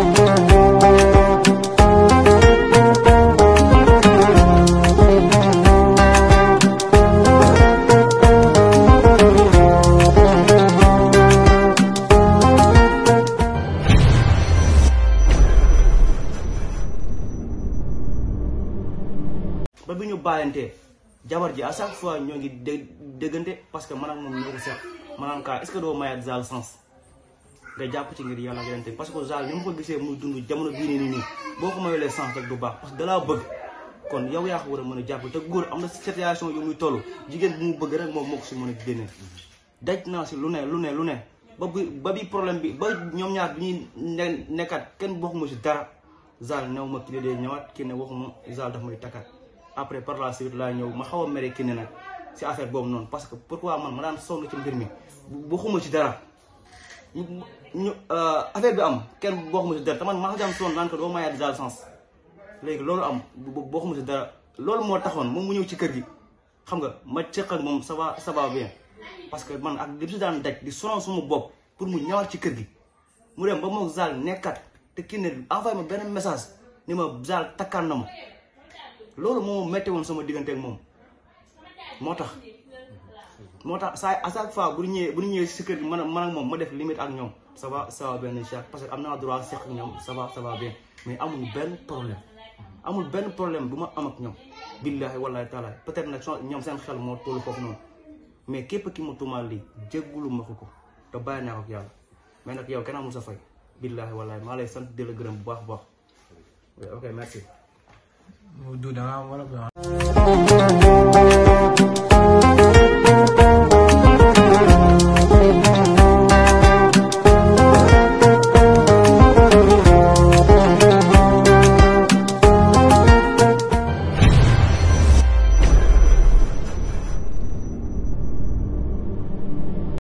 ba bi ñu bàyyantee jabar ji à chaque fois ñoo ngi dé déggante parce que man ak moom ñoo ko seq maanaam kaa est-ce que doo mayaat zaal sens nga jàpp ci ngir yàlla yonent bi parce que Zal ni mu ko gisee muy dund jamono bii nii nii boo ko mayoolee sens rek du baax parce que dalaa bëgg kon yow yaa ko war a mën a jàpp te góor am na situation yu muy jigéen bu mu bëgg rek moo ko si mën a génne naa si lu ne lu ne lu ne ba bi ba bi problème bi ba ñoom ñaar bi ñuy ne nekkaat kenn bokkuma si dara Zal new ma ki ne dee ñëwaat ki ne waxuma Zal daf may takkaat après par la suite laa ñëw ma xaw a mere ki ne nag si affaire boobu noonu parce que pourquoi man ma daan sonn ci mbir mi waxuma ci dara ñu euh, affaire bi am kenn boo xamante ne dara te man maa ngi am sonn naan ko doo mayaat daal sens léegi loolu am boo xamante dara loolu moo taxoon moom mu ñëw ci kër gi xam nga ma cëq ak moom ça va ça parce que man ak li si daan daj di sonal suma bopp pour mu ñëwaat ci kër gi mu dem ba moom Zal nekkaat te kii ne envoyé ma benn message ni ma Zal takkaan na ma loolu moo metti woon sama diggante ak moom moo tax. moo tax saa à chaque fois bu ñu ñëwee si kër gi man man moom ma def limite ak ñoom ça va ça parce que am na droit seq ñoom ça va ça va mais amul benn problème amul benn problème bu ma am ak ñoom. billahi wallahi taala peut-être so ñoom seen xel moo toll foofu noonu mais képp ki ma tuumaal lii jéggulu ma ko ko te bàyyi naa ko ak yàlla mais nag yow kenn amul sa fay billahi wallahi maa lay sant di la gërëm bu baax a baax ok merci. Doudou da